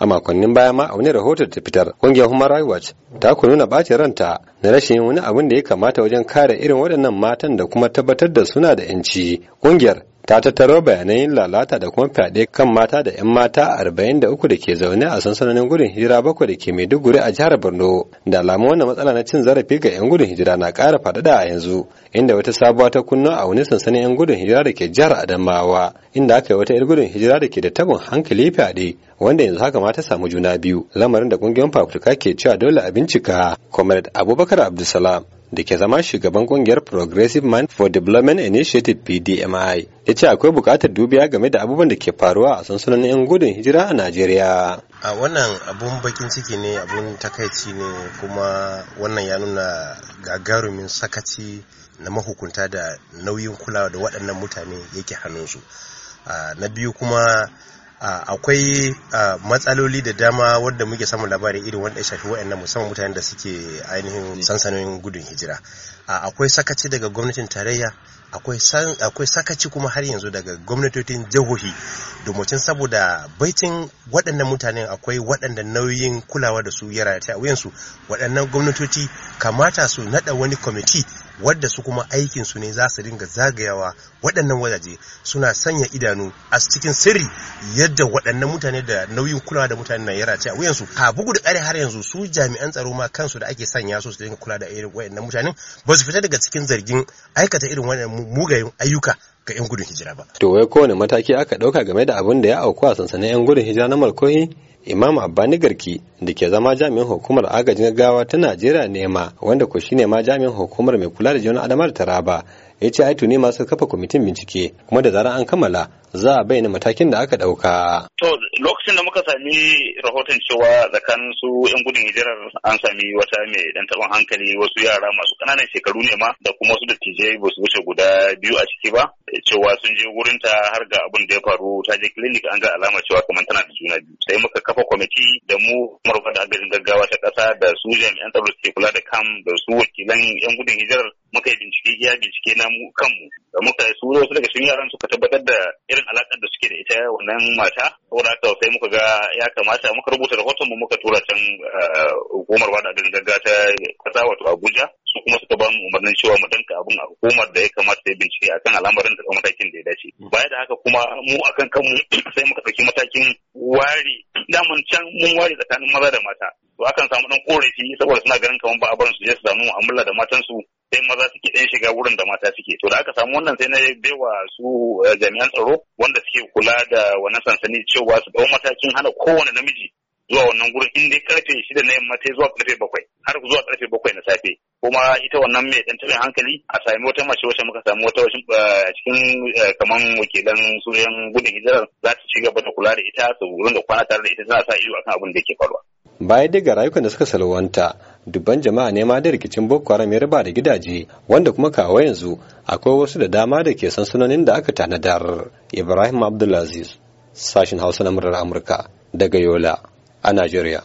a makonnin baya ma a wani rahoton ta fitar ƙungiyar human rights ta ku nuna bace ranta na rashin wani abin da ya kamata wajen kare irin waɗannan matan da kuma tabbatar da suna da 'yanci ƙungiyar ta tattaro bayanai lalata da kuma fyaɗe kan mata da 'yan mata arba'in da uku da ke zaune a sansanonin gudun hijira bakwai da ke maiduguri a jihar borno da alamu wannan matsala na cin zarafi ga 'yan gudun hijira na ƙara faɗaɗa a yanzu inda wata sabuwa ta kunno a wani sansanin 'yan gudun hijira da ke jihar adamawa inda aka yi wata 'yan gudun hijira da ke da tabon hankali fyaɗe wanda yanzu haka mata samu juna biyu lamarin da ƙungiyar fafutuka ke cewa dole a bincika comrade abubakar abdulsalam da ke zama shugaban kungiyar Progressive Mind for Development Initiative PDMI ya ce akwai bukatar dubiya game da abubuwan da ke faruwa a sansanonin 'yan gudun hijira a Najeriya. A wannan abun bakin ciki ne abun takaici ne kuma wannan ya nuna gagarumin sakaci na mahukunta da nauyin kulawa da waɗannan mutane yake hannunsu. Na biyu kuma Ah, akwai ah, matsaloli da dama wadda muke samun labarin irin wanda ya shafi waɗannan musamman mutanen da suke ainihin sansanonin gudun hijira ah, akwai sakaci daga gwamnatin tarayya akwai sakaci kuma har yanzu daga gwamnatocin jihohi domocin saboda baitin waɗannan mutanen akwai waɗanda nauyin kulawa da su ya rata a wuyansu waɗannan gwamnatoci kamata su naɗa wani kwamiti wadda su kuma aikin su ne za su dinga zagayawa waɗannan wajaje suna sanya idanu a cikin sirri yadda waɗannan mutane da nauyin kulawa da mutane na yara a wuyansu a bugu da ƙari har yanzu su jami'an tsaro ma kansu da ake sanya su su dinga kula da irin waɗannan mutanen ba su fita daga cikin zargin aikata irin waɗannan mugayen ayyuka ga 'yan gudun hijira ba. To wai kowane mataki aka ɗauka game da abin da ya auku a sansanin 'yan gudun hijira na Malkohi? Imam Abbani Garki da ke zama jami'in hukumar agajin gaggawa ta Najeriya nema wanda ko shine ma jami'in hukumar mai kula da juna Adamar Taraba ya ce ai tuni masu kafa kwamitin bincike kuma da zarar an kammala za a bayyana matakin da aka ɗauka. To lokacin da muka sami rahoton cewa tsakanin su 'yan gudun hijirar an sami wata mai dan taban hankali wasu yara masu ƙananan shekaru ne ma da kuma su dattijai ba su wuce guda biyu a ciki ba cewa sun je wurin ta har ga abin da ya faru ta je clinic an ga alama cewa kamar tana da juna biyu sai muka kafa kwamiti da mu marfa da agajin gaggawa ta ƙasa da su jami'an tsaro suke kula da kam da su wakilan 'yan gudun hijirar muka yi bincike iya bincike na mu kanmu da muka su wasu daga cikin yaran suka tabbatar da da ita wannan mata saboda haka sai muka ga ya kamata muka rubuta rahoton mu muka tura can eh, hukumar wada da gaggawa ta kasa wato Abuja su kuma suka ba mu umarnin cewa mu danka abin a hukumar da ya kamata ta bincike akan al'amarin da matakin da ya dace baya da haka kuma mu akan kanmu sai muka ɗauki matakin wari daman can mun ware tsakanin maza da mata to akan samu dan korafi saboda suna ganin kamar ba a barin su je su samu mu'amala da matan su sai maza suke ɗan shiga wurin da mata suke to da aka samu wannan sai na bai wa su eh, jami'an tsaro wanda suke kula da wannan sansani cewa su ɗau matakin hana kowane namiji zuwa wannan gurin in dai karfe shida na yamma sai zuwa karfe bakwai har zuwa karfe bakwai na safe kuma ita wannan mai ɗan taɓin hankali a sami wata mace wacce muka samu wata wacce eh, cikin eh, kaman wakilan suriyan gudun hijirar za su ci gaba da kula da ita su wurin da kwana tare da ita tana sa ido akan abin da ke faruwa. baya daga rayukan da suka salwanta dubban jama'a ne ma da rikicin boko haram ya raba da gidaje wanda kuma kawo yanzu akwai wasu da dama da ke sansanonin da aka tanadar ibrahim abdulaziz sashin hausa na murar amurka daga yola a najeriya